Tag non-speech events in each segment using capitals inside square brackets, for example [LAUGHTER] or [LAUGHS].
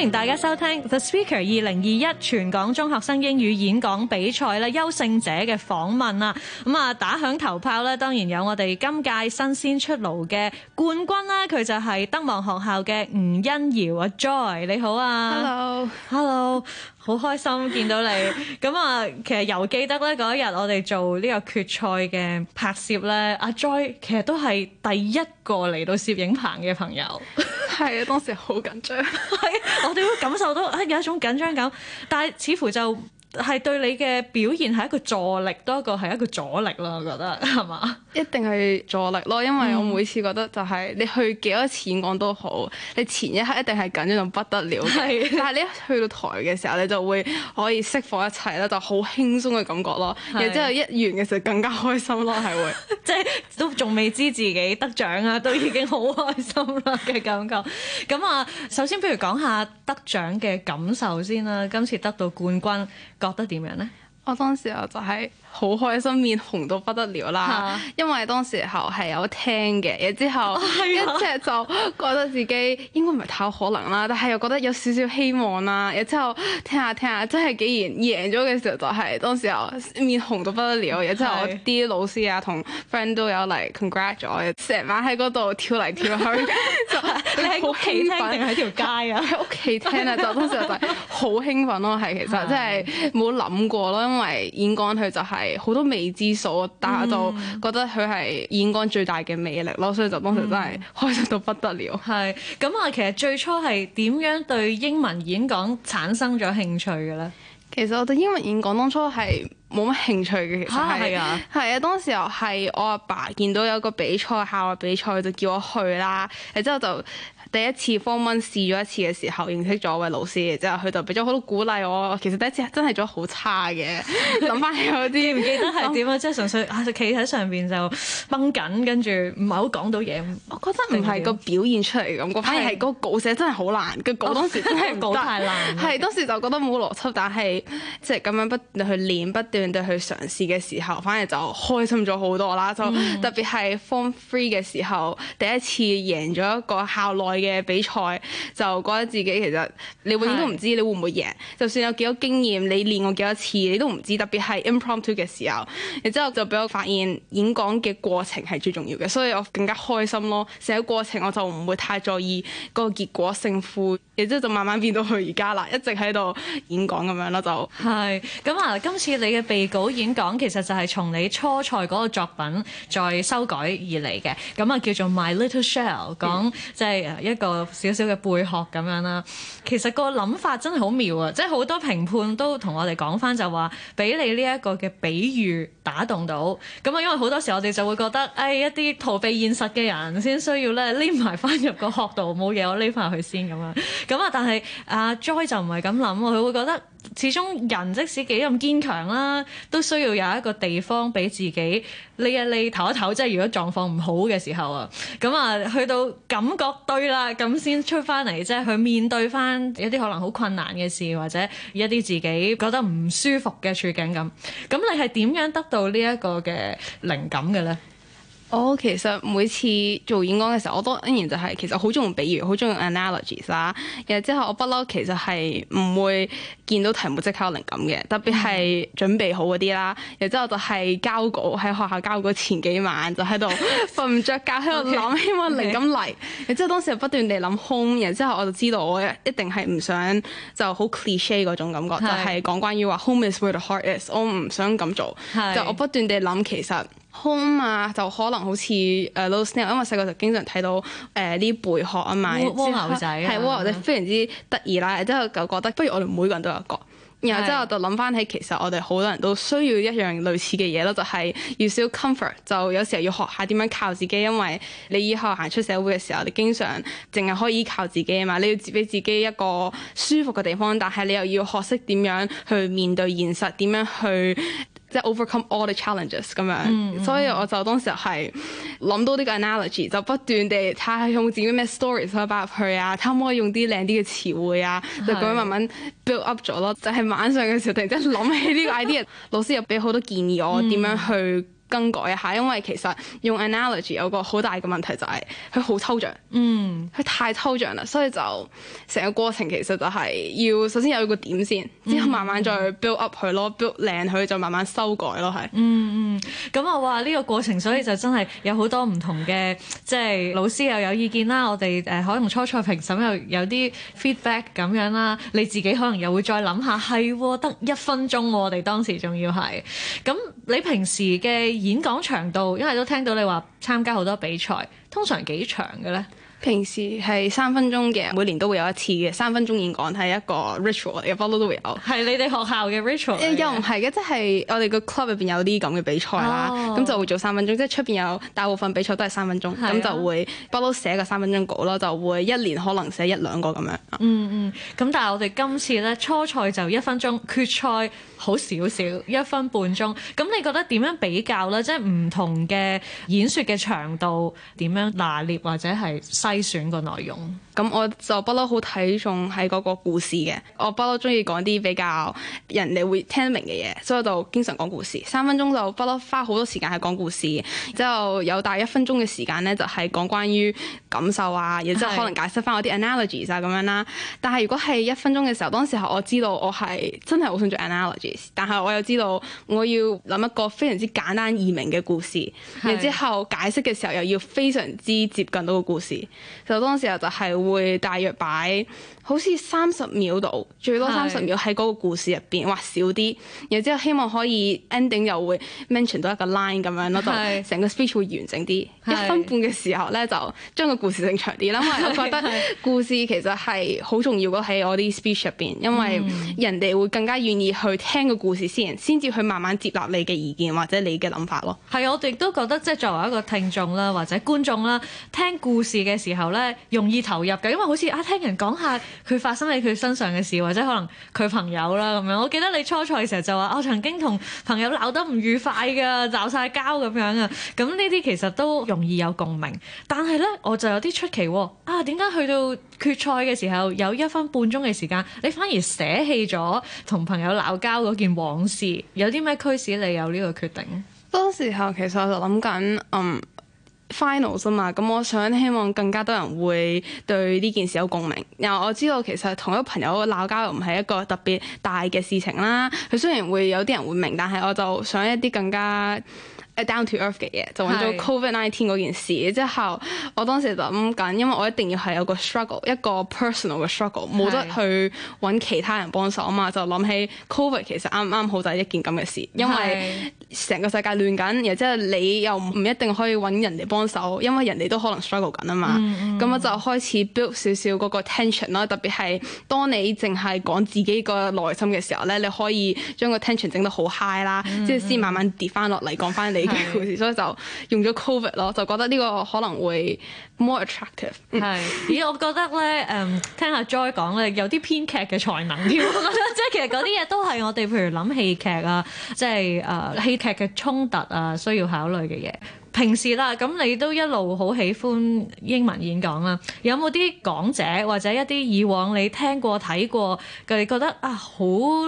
歡迎大家收聽 The Speaker 二零二一全港中學生英語演講比賽咧優勝者嘅訪問啊！咁、嗯、啊，打響頭炮咧，當然有我哋今屆新鮮出爐嘅冠軍啦、啊！佢就係德望學校嘅吳昕瑤啊 Joy，你好啊！Hello，Hello，好 Hello, 開心見到你！咁啊、 [LAUGHS] 嗯，其實又記得咧嗰一日我哋做呢個決賽嘅拍攝咧，阿、啊、Joy 其實都係第一個嚟到攝影棚嘅朋友。 [LAUGHS] 係啊，當時好緊張， [LAUGHS] 我哋會感受到啊有一種緊張感，但係似乎就係對你嘅表現係一個助力，多過係一個阻力咯。我覺得係嘛，一定係助力咯。因為我每次覺得就係、是、你去幾多次講都好，你前一刻一定係緊張到不得了，是但係你一去到台嘅時候，你就會可以釋放一切啦，就好輕鬆嘅感覺咯。是然之後一完嘅時候更加開心咯，係會 [LAUGHS] 即係都仲未知自己得獎啊，都已經好開心啦嘅感覺。咁啊， [LAUGHS] 首先不如講下得獎嘅感受先啦，今次得到冠軍。覺得點樣咧？我當時我就係。好開心，面紅到不得了啦！啊、因為當時候係有聽嘅，之後、哦啊、一直就覺得自己應該唔係太可能啦，但係又覺得有少少希望啦。然之後聽下聽下，真係竟然贏咗嘅時候，就係、是、當時候面紅到不得了。然是之後我啲老師啊同 friend 都有嚟 congrat 咗，成晚喺嗰度跳嚟跳去， [LAUGHS] 就你喺屋企聽定喺條街啊？喺屋企聽啊，就當時就係好興奮咯，係 [LAUGHS] 其實真係冇諗過咯，因為演講佢就係、是。係好多未知數，但係就覺得佢係演講最大嘅魅力咯，嗯、所以就當時真係開心到不得了。係咁啊，其實最初係點樣對英文演講產生咗興趣嘅咧？其實我對英文演講當初係冇乜興趣嘅，其實係啊，係啊，當時候係我阿爸見到有個比賽校外比賽就叫我去啦，然之後就。第一次 form one 試咗一次嘅時候，認識咗位老師，然之後佢就俾咗好多鼓勵我。其實第一次真係做得好差嘅，諗翻起嗰啲唔記得係點啊，即係純粹啊，就企喺上邊就掹緊，跟住唔係好講到嘢。我覺得唔係個表現出嚟咁，反而係個稿寫真係好難，個稿當時真係稿太難，係當時就覺得冇邏輯，但係即係咁樣不斷去練，不斷哋去嘗試嘅時候，反而就開心咗好多啦。就特別係 form three 嘅時候，第一次贏咗一個校內嘅比賽就覺得自己其實你永遠都唔知你會唔會贏，是就算有幾多經驗，你練過幾多次，你都唔知。特別係 impromptu 嘅時候，然之後就俾我發現演講嘅過程係最重要嘅，所以我更加開心咯。成個過程我就唔會太在意嗰個結果勝負，然之後就慢慢變到去而家啦，一直喺度演講咁樣啦就。係咁啊！今次你嘅備稿演講其實就係從你初賽嗰個作品再修改而嚟嘅，咁啊叫做 My Little Shell，講即係一一個少少嘅貝殼咁樣啦，其實個諗法真係好妙啊！即係好多評判都同我哋講翻就話，俾你呢一個嘅比喻打動到，咁啊，因為好多時我哋就會覺得，誒，一啲逃避現實嘅人先需要咧，匿埋翻入個殼度，冇嘢我匿翻去先咁樣，咁啊，但係阿 Joy 就唔係咁諗，佢會覺得。始終人即使幾咁堅強啦，都需要有一個地方俾自己，你呀，你唞一唞，即係如果狀況唔好嘅時候啊，咁啊去到感覺對啦，咁先出翻嚟，即係去面對翻一啲可能好困難嘅事，或者一啲自己覺得唔舒服嘅處境咁。咁你係點樣得到呢一個嘅靈感嘅咧？我、oh, 其實每次做演講嘅時候，我都依然就係、是、其實好中意比喻，好中意 analogies 啦。然後之後我不嬲，其實係唔會見到題目即刻有靈感嘅。特別係準備好嗰啲啦，然後之後就係交稿喺學校交稿前幾晚就喺度瞓唔着，Yes. 覺喺度諗，Okay. 希望靈感嚟。然後 Okay. 之後當時不斷地諗 home，然後之後我就知道我一定係唔想就好 cliche 嗰種感覺，是就係講關於話 home is where the heart is。我唔想咁做，是就我不斷地諗其實。Home 啊，就可能好似誒 little snail 因為細個就經常睇到誒啲貝殼蛤後啊嘛，蝸牛仔係，蝸牛仔非常之得意啦。之後就覺得不如我哋每個人都有一個。然後之後我就諗翻起，的其實我哋好多人都需要一樣類似嘅嘢咯，就係要少 comfort。就有時候要學下點樣靠自己，因為你以後行出社會嘅時候，你經常淨係可以依靠自己啊嘛。你要俾自己一個舒服嘅地方，但係你又要學識點樣去面對現實，點樣去。即係 overcome all the challenges 咁樣，嗯、所以我就當時係諗到呢個 analogy，就不斷地睇下佢用自己咩 stories 去 build up 佢啊，睇下可唔可以用啲靚啲嘅詞彙啊，是就咁樣慢慢 build up 咗咯。就係、是、晚上嘅時候突然間諗起呢個 idea， [LAUGHS] 老師又俾好多建議我點、嗯、樣去。更改一下，因為其實用 analogy 有個好大嘅問題就係佢好抽象，嗯，佢太抽象啦，所以就成個過程其實就係要首先有個點先，之後慢慢再 build up 佢咯，嗯嗯、build 靚佢就慢慢修改咯，係嗯嗯，咁啊哇呢個過程，所以就真係有好多唔同嘅，即係老師又有意見啦，我哋誒、呃、可能初初評審又有啲 feedback 咁樣啦，你自己可能又會再諗下，係得一分鐘，啊，我哋當時仲要係咁你平時嘅。演講長度，因為都聽到你話參加好多比賽，通常幾長嘅呢？平時係三分鐘嘅，每年都會有一次嘅三分鐘演講係一個 ritual，every follow 都會有。係你哋學校嘅 ritual？、呃、又唔係嘅，即係我哋個 club 入邊有啲咁嘅比賽啦，咁、哦、就會做三分鐘，即係出邊有大部分比賽都係三分鐘，咁、哦、就會 follow 寫個三分鐘稿咯，就會一年可能寫一兩個咁樣。嗯嗯，咁、嗯嗯、但係我哋今次咧初賽就一分鐘，決賽好少少一分半鐘。咁你覺得點樣比較咧？即係唔同嘅演說嘅長度點樣拿捏或者係？篩選個內容，咁我就不嬲好睇重喺嗰個故事嘅，我不嬲中意講啲比較人哋會聽得明嘅嘢，所以我就經常講故事，三分鐘就不嬲花好多時間係講故事，之後有大一分鐘嘅時間咧，就係、是、講關於感受啊，然之後可能解釋翻我啲 analogies 啊咁樣啦。是但係如果係一分鐘嘅時候，當時候我知道我係真係好想做 analogies，但係我又知道我要諗一個非常之簡單易明嘅故事，然是之後解釋嘅時候又要非常之接近到個故事。就當時候就係會大約擺。好似三十秒度，最多三十秒喺嗰個故事入邊，或是少啲，然之後希望可以 ending 又會 mention 到一個 line 咁樣咯，就成是個 speech 會完整啲。是一分半嘅時候咧，就將個故事整長啲，啦是。因為我覺得故事其實係好重要嘅喺我啲 speech 入邊，因為、嗯、人哋會更加願意去聽個故事先，先至去慢慢接納你嘅意見或者你嘅諗法咯。係啊，我哋都覺得即係作為一個聽眾啦或者觀眾啦，聽故事嘅時候咧容易投入嘅，因為好似啊聽人講下。佢發生喺佢身上嘅事，或者可能佢朋友啦咁樣。我記得你初賽嘅時候就話，我曾經同朋友鬧得唔愉快嘅，鬧晒交咁樣啊。咁呢啲其實都容易有共鳴。但係呢，我就有啲出奇喎、啊。啊，點解去到決賽嘅時候有一分半鐘嘅時，時間，你反而捨棄咗同朋友鬧交嗰件往事？有啲咩驅使你有呢個決定？當時候其實我就諗緊，嗯。Finals 咋、嗯、嘛？咁我想希望更加多人會對呢件事有共鳴。然後我知道其實同一個朋友鬧交又唔係一個特別大嘅事情啦。佢雖然會有啲人會明，但係我就想一啲更加 down to earth 嘅嘢，是就揾咗 covid nineteen 嗰件事是之後我當時就諗緊，因為我一定要係有個 struggle，一個 personal 嘅 struggle，冇得是去揾其他人幫手啊嘛，就諗起 covid 其實啱唔啱好就係一件咁嘅事，是因為成個世界亂緊，然後即係你又唔一定可以揾人哋幫手，因為人哋都可能 struggle 緊啊嘛，咁我就開始 build 少少嗰個 tension 啦，特別係當你淨係講自己個內心嘅時候咧，你可以將個 tension 整得好 high 啦、嗯嗯，即係先慢慢跌翻落嚟講翻你。 [LAUGHS] 故事，所以就用咗 covid 咯，就覺得呢個可能會 more attractive。係，咦、欸，我覺得咧，誒，聽阿 Joy 講咧，有啲編劇嘅才能添，我覺得，即係其實嗰啲嘢都係我哋譬如諗戲劇啊，即係誒戲劇嘅衝突啊，需要考慮嘅嘢。平時啦，咁你都一路好喜歡英文演講啦。有冇啲講者或者一啲以往你聽過睇過佢哋覺得啊好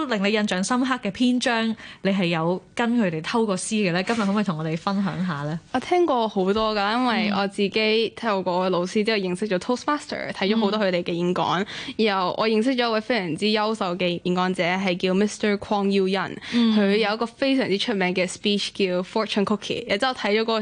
令你印象深刻嘅篇章，你係有跟佢哋偷過師嘅咧？今日可唔可以同我哋分享下咧？我聽過好多噶，因為我自己透過我老師之後認識咗 Toastmaster，睇咗好多佢哋嘅演講。然、嗯、後我認識咗一位非常之優秀嘅演講者，係叫 Mr. 匡耀仁。佢有一個非常之出名嘅 speech 叫 Fortune Cookie。然之後睇咗嗰個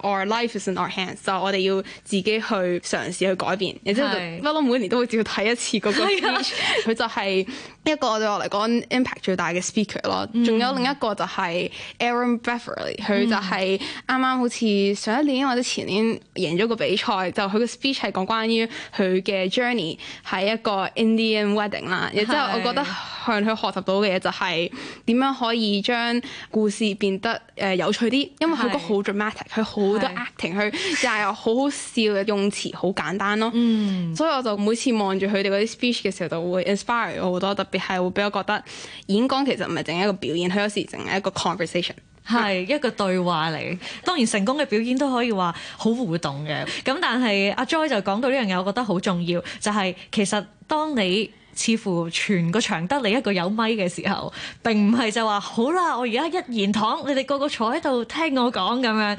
Our life is in our hands，就我哋要自己去嘗試去改變。然之後就不嬲是每年都會照睇一次個個 speech，佢就係一個對我嚟講 impact 最大嘅 speaker 咯、嗯。仲有另一個就係 Aaron Beverly，佢就係啱啱好似上一年或者前年贏咗個比賽，就佢嘅 speech 係講關於佢嘅 journey 係一個 Indian wedding 啦。然之後我覺得向佢學習到嘅嘢就係點樣可以將故事變得誒有趣啲，因為佢個好 dramatic，佢好。好多 acting，去是，又係又好好笑嘅用詞，好簡單咯。嗯、所以我就每次望住佢哋嗰啲 speech 嘅時候，就會 inspire 我好多。特別係會畀我覺得演講其實唔係淨係一個表演，佢有時淨係一個 conversation，係一個對話嚟。 [LAUGHS] 當然成功嘅表演都可以話好互動嘅。咁但係阿 Joy 就講到呢樣嘢，我覺得好重要，就係、是、其實當你。似乎全個場得你一個有咪嘅時候，並唔係就話好啦，我而家一言堂，你哋個個坐喺度聽我講咁樣，而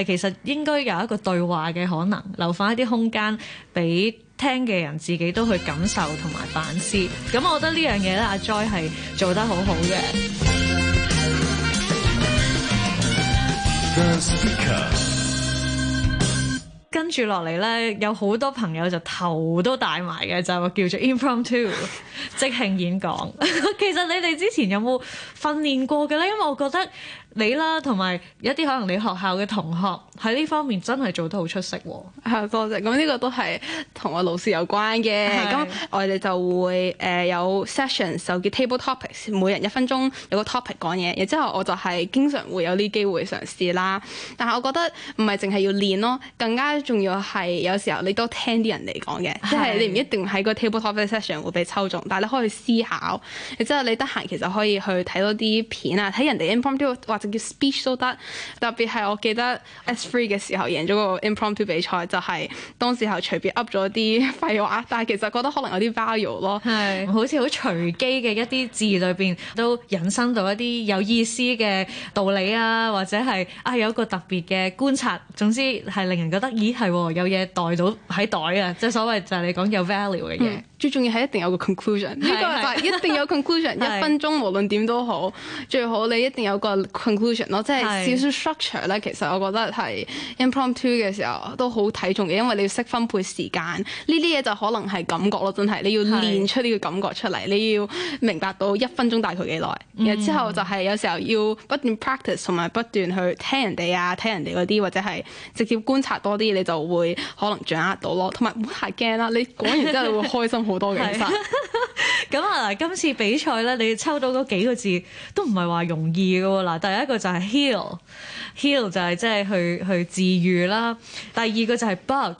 係其實應該有一個對話嘅可能，留翻一啲空間俾聽嘅人自己都去感受同埋反思。咁我覺得呢樣嘢咧，阿 Joy 係做得好好嘅。跟住落嚟咧，有好多朋友就頭都大埋嘅，就叫做 Impromptu [LAUGHS] 即興演講， [LAUGHS] 其實你哋之前有冇訓練過嘅咧？因為我覺得你啦，同埋一啲可能你學校嘅同學喺呢方面真係做得好出色喎。多、啊、謝，謝。咁呢個都係同我老師有關嘅。咁是我哋就會誒、呃、有 session，就叫 table topics，每人一分鐘有個 topic 講嘢。然之後我就係經常會有呢機會嘗試啦。但係我覺得唔係淨係要練咯，更加重要係有時候你都聽啲人嚟講嘅，即係是你唔一定喺個 table topics session 會被抽中。但你可以去思考，亦即係你得閒其實可以去睇多啲片啊，睇人哋 impromptu 或者叫 speech 都得。特別係我記得 S3 嘅時候贏咗個 impromptu 比賽，就係、是、當時候隨便 up 咗啲廢話，但係其實覺得可能有啲 value 咯，好似好隨機嘅一啲字裏邊都引申到一啲有意思嘅道理啊，或者係啊有一個特別嘅觀察，總之係令人覺得咦係有嘢袋到喺袋啊，即係所謂就係你講有 value 嘅嘢。嗯最重要係一定有一個 conclusion，呢 [MUSIC] 個係一定有 conclusion。 [LAUGHS] 一分鐘無論點都好， [MUSIC] 最好你一定有一個 conclusion 咯，即 [NOISE] 係樂少少 structure 咧。其實我覺得係 impromptu 嘅時候都好睇重嘅，因為你要識分配時間呢啲嘢就可能係感覺咯，真係你要練出呢個感覺出嚟， [MUSIC] 你要明白到一分鐘大概幾耐， [MUSIC] 然後之後就係有時候要不斷 practice 同埋不斷去聽人哋啊，聽人哋嗰啲或者係直接觀察多啲，你就會可能掌握到咯。同埋唔好太驚啦，你講完之後你會開心。 [MUSIC] [MUSIC] 好多咁啊嗱， [LAUGHS] 今次比賽咧，你抽到嗰幾個字都唔係話容易嘅喎嗱，第一個就係 heal，heal he 就係即係去去治癒啦，第二個就係 bug，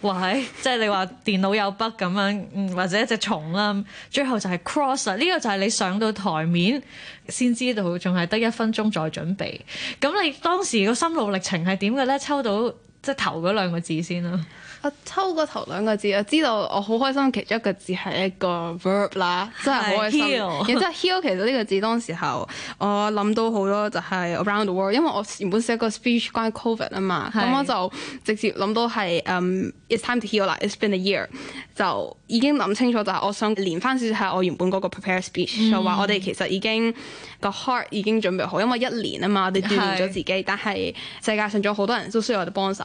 哇即係你話電腦有 bug 咁樣，或者一隻蟲啦，最後就係 cross，呢 [LAUGHS] 個就係你上到台面先知道仲係得一分鐘再準備，咁你當時個心路歷程係點嘅咧？抽到。即係頭嗰兩個字先啦。我、啊、抽個頭兩個字，我知道我好開心。其中一個字係一個 verb 啦，是真係好開心。然之後 heal 其實呢個字當時候我諗到好多，就係 around the world，因為我原本寫個 speech 關於 COVID 啊嘛，咁是我就直接諗到係、um, it's time to heal 啦。It's been a year，就已經諗清楚，就係我想連翻少少係我原本嗰個 prepare speech，嗯、就話我哋其實已經個 heart 已經準備好，因為一年啊嘛，我哋鍛鍊咗自己，是但係世界上仲有好多人都需要我哋幫手。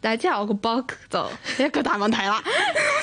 但係之後我個 bug 就一個大問題啦，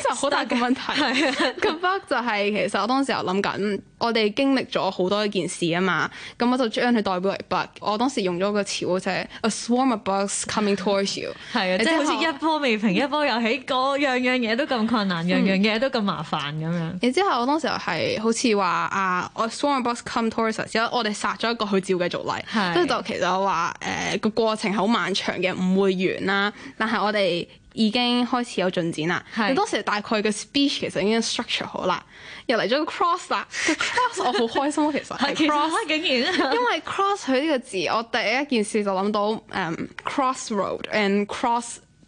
就好大嘅問題。個 bug 就係其實我當時候諗緊，我哋經歷咗好多一件事啊嘛，咁我就將佢代表為 bug。我當時用咗個詞就係 a swarm of bugs coming towards you，係啊，即係好似一波未平一波又起，個樣樣嘢都咁困難，樣樣嘢都咁麻煩咁樣。然之後我當時候係好似話啊，a swarm of bugs come towards us，之後我哋殺咗一個佢，照繼續嚟。跟住就其實我話誒個過程係好漫長嘅，唔會完啦，但我哋已經開始有進展啦。你當時大概嘅 speech 其實已經 structure 好啦，又嚟咗個 cross 啦。個 cross 我好開心，其實係 cross 竟然，因為 cross 佢呢個字，我第一件事就諗到誒 crossroad and cross。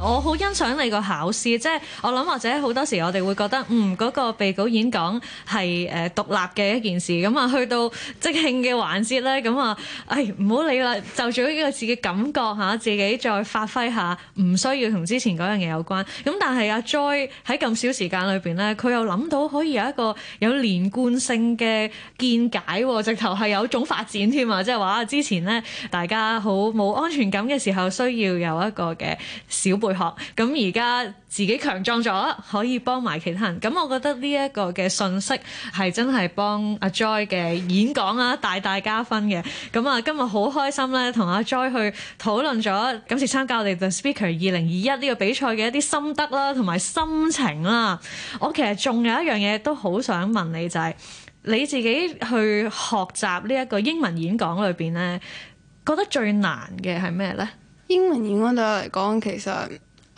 我好欣賞你個考試，即係我諗，或者好多時我哋會覺得，嗯，嗰個備稿演講係誒獨立嘅一件事。咁、嗯、啊，去到即興嘅環節咧，咁、嗯、啊，誒唔好理啦，就咗呢個自己感覺吓自己再發揮下，唔需要同之前嗰樣嘢有關，咁、嗯、但係阿 Joy 喺咁少時間裏邊咧，佢又諗到可以有一個有連貫性嘅見解，直頭係有種發展添啊！即係話之前咧，大家好冇安全感嘅時候，需要有一個嘅小配合，咁而家自己強壯咗，可以幫埋其他人。咁我覺得呢一個嘅信息，係真係幫阿 Joy 嘅演講啊大大加分嘅。咁啊今日好開心咧，同阿 Joy 去討論咗今次參加我哋 The Speaker 二零二一呢個比賽嘅一啲心得啦，同埋心情啦。我其實仲有一樣嘢都好想問你，就係你自己去學習呢一個英文演講裏邊呢，覺得最難嘅係咩呢？英文演講對我嚟講，其實，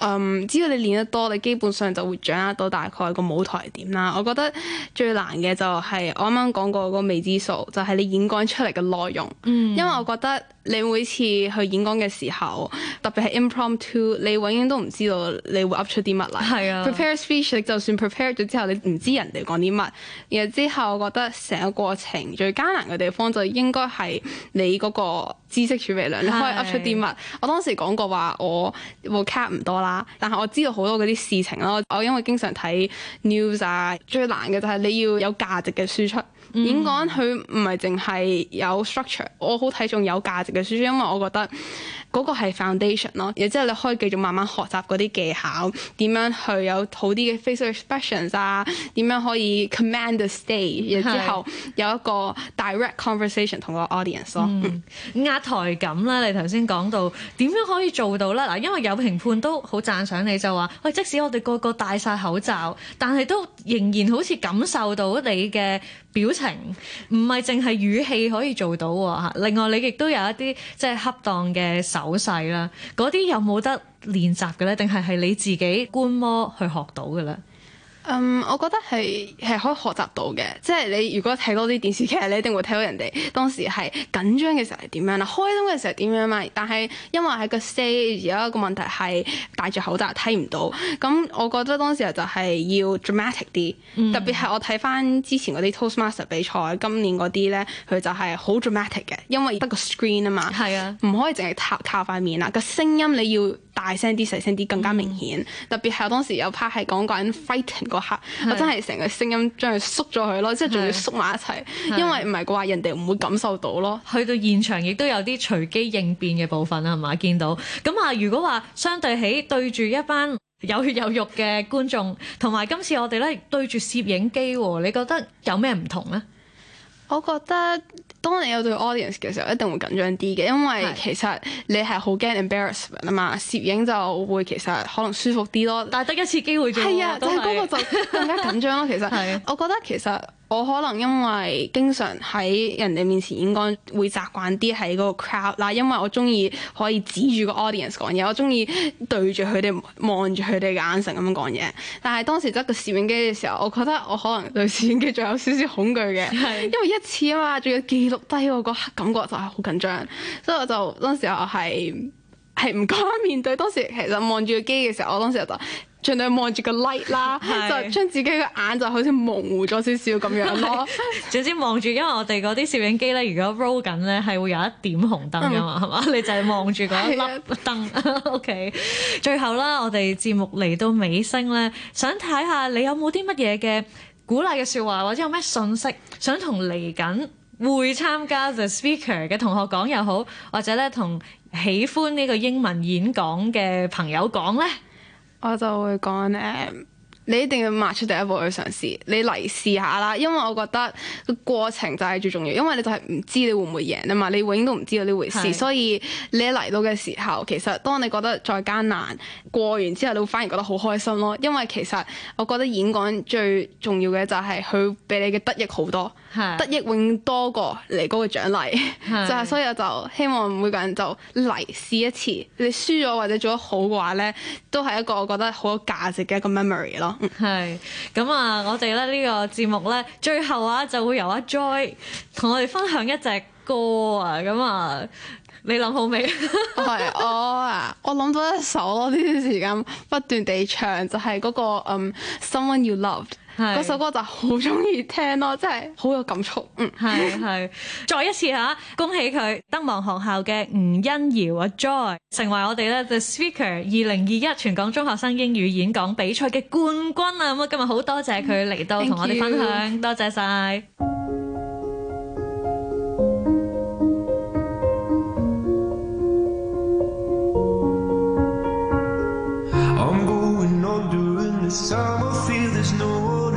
嗯，只要你練得多，你基本上就會掌握到大概個舞台點啦。我覺得最難嘅就係我啱啱講過嗰個未知數，就係你演講出嚟嘅內容。嗯，因為我覺得。你每次去演講嘅時候，特別係 impromptu 你永遠都唔知道你會 up 出啲乜嚟。係啊的，prepare speech，你就算 prepare 咗之後，你唔知人哋講啲乜。然後之後，我覺得成個過程最艱難嘅地方就應該係你嗰個知識儲備量，你可以 up 出啲乜。的我當時講過話我 book 唔多啦，但係我知道好多嗰啲事情咯。我因為經常睇 news 啊，最難嘅就係你要有價值嘅輸出。點講佢唔係淨係有 structure，我好睇重有價值嘅書，因為我覺得嗰個係 foundation 咯。然之後你可以繼續慢慢學習嗰啲技巧，點樣去有好啲嘅 facial expressions 啊？點樣可以 command the stage？、嗯、然之後有一個 direct conversation 同是個 audience 咯、嗯。壓 [LAUGHS] 台感啦，你頭先講到點樣可以做到啦？嗱，因為有評判都好讚賞你，就話喂、哎，即使我哋個，個個戴晒口罩，但係都仍然好似感受到你嘅。表情唔係淨係語氣可以做到喎、哦，另外你亦都有一啲即係恰當嘅手勢啦，嗰啲有冇得練習嘅咧？定係係你自己觀摩去學到嘅咧？嗯，um, 我覺得係係可以學習到嘅，即係你如果睇多啲電視劇，你一定會睇到人哋當時係緊張嘅時候係點樣啦，開心嘅時候點樣嘛。但係因為喺個 stage 有一個問題係戴住口罩睇唔到，咁我覺得當時就係要 dramatic 啲，嗯、特別係我睇翻之前嗰啲 Toastmaster 比賽，今年嗰啲咧佢就係好 dramatic 嘅，因為得個 screen 啊嘛，係啊的，唔可以淨係靠靠塊面啦，個聲音你要。大聲啲，細聲啲，更加明顯。嗯、特別係我當時有 part 係講個人 fighting 嗰刻，我真係成個聲音將佢縮咗佢咯，即係仲要縮埋一齊，因為唔係話人哋唔會感受到咯。去到現場亦都有啲隨機應變嘅部分啊，係嘛見到。咁啊，如果話相對起對住一班有血有肉嘅觀眾，同埋 [LAUGHS] 今次我哋咧對住攝影機，你覺得有咩唔同呢？我覺得。當你有對 audience 嘅時候，一定會緊張啲嘅，因為其實你係好驚 embarrassment 啊嘛。攝影就會其實可能舒服啲咯，但係得一次機會啫嘛。係啊的，是就係嗰個就更加緊張咯。其實 [LAUGHS] 的我覺得其實。我可能因為經常喺人哋面前應該會習慣啲喺嗰個 crowd，嗱，因為我中意可以指住個 audience 講嘢，我中意對住佢哋望住佢哋嘅眼神咁樣講嘢。但係當時得個攝影機嘅時候，我覺得我可能對攝影機仲有少少恐懼嘅，的因為一次啊嘛，仲要記錄低我個感覺，就係好緊張，所以我就當時候係係唔敢面對。當時其實望住個機嘅時候，我當時就。盡量望住個 light 啦，是就將自己個眼就好似模糊咗少少咁樣咯。直接望住，因為我哋嗰啲攝影機咧，如果 roll 緊咧，係會有一點紅燈噶嘛，係嘛、嗯？你就係望住嗰一粒燈。 [LAUGHS] [LAUGHS] [LAUGHS] o、okay. K，最後啦，我哋節目嚟到尾聲咧，想睇下你有冇啲乜嘢嘅鼓勵嘅説話，或者有咩信息想同嚟緊會參加 The Speaker 嘅同學講又好，或者咧同喜歡呢個英文演講嘅朋友講咧。我就會講誒。你一定要邁出第一步去嘗試，你嚟試下啦，因為我覺得個過程就係最重要，因為你就係唔知你會唔會贏啊嘛，你永遠都唔知道呢回事，是所以你一嚟到嘅時候，其實當你覺得再艱難過完之後，你會反而覺得好開心咯，因為其實我覺得演講最重要嘅就係佢俾你嘅得益好多，是得益永多過嚟嗰個獎勵，勵，就係是 [LAUGHS] 所以我就希望每個人就嚟試一次，你輸咗或者做得好嘅話咧，都係一個我覺得好有價值嘅一個 memory 咯。係咁啊！我哋咧呢個節目咧，最後啊就會由阿 Joy 同我哋分享一隻歌啊！咁、嗯、啊，你諗好未？係、 [LAUGHS] oh, yeah. oh, yeah. 我啊，我諗到一首咯。呢段時間不斷地唱，就係、是、嗰、那個嗯、um，Someone You Loved。d 嗰是首歌就好中意聽咯，哦，真係好有感觸。嗯，係係， [LAUGHS] 再一次嚇，恭喜佢德望學校嘅吳昕瑤啊 Joy 成為我哋咧 The Speaker 二零二一全港中學生英語演講比賽嘅冠軍啊！咁啊，今日好多謝佢嚟到同 [LAUGHS] Thank you. 我哋分享，多謝晒。 [MUSIC]